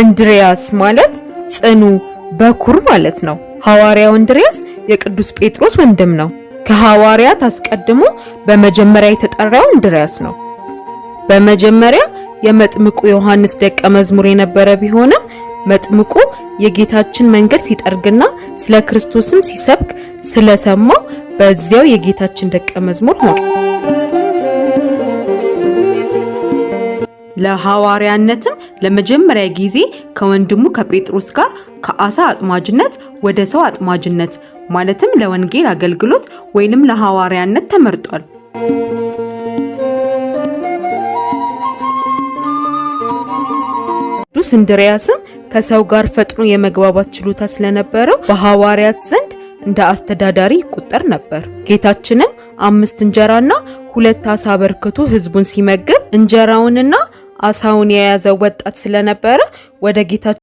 እንድሪያስ ማለት ጽኑ በኩር ማለት ነው። ሐዋርያው እንድሪያስ የቅዱስ ጴጥሮስ ወንድም ነው። ከሐዋርያት አስቀድሞ በመጀመሪያ የተጠራው እንድሪያስ ነው። በመጀመሪያ የመጥምቁ ዮሐንስ ደቀ መዝሙር የነበረ ቢሆንም መጥምቁ የጌታችን መንገድ ሲጠርግና ስለ ክርስቶስም ሲሰብክ ስለሰማው በዚያው የጌታችን ደቀ መዝሙር ሆነ። ለሐዋርያነትም ለመጀመሪያ ጊዜ ከወንድሙ ከጴጥሮስ ጋር ከአሳ አጥማጅነት ወደ ሰው አጥማጅነት ማለትም ለወንጌል አገልግሎት ወይንም ለሐዋርያነት ተመርጧል። ቅዱስ እንድርያስም ከሰው ጋር ፈጥኖ የመግባባት ችሎታ ስለነበረው በሐዋርያት ዘንድ እንደ አስተዳዳሪ ይቆጠር ነበር። ጌታችንም አምስት እንጀራና ሁለት አሳ አበርክቶ ሕዝቡን ሲመግብ እንጀራውንና አሳውን የያዘ ወጣት ስለነበረ ወደ ጌታ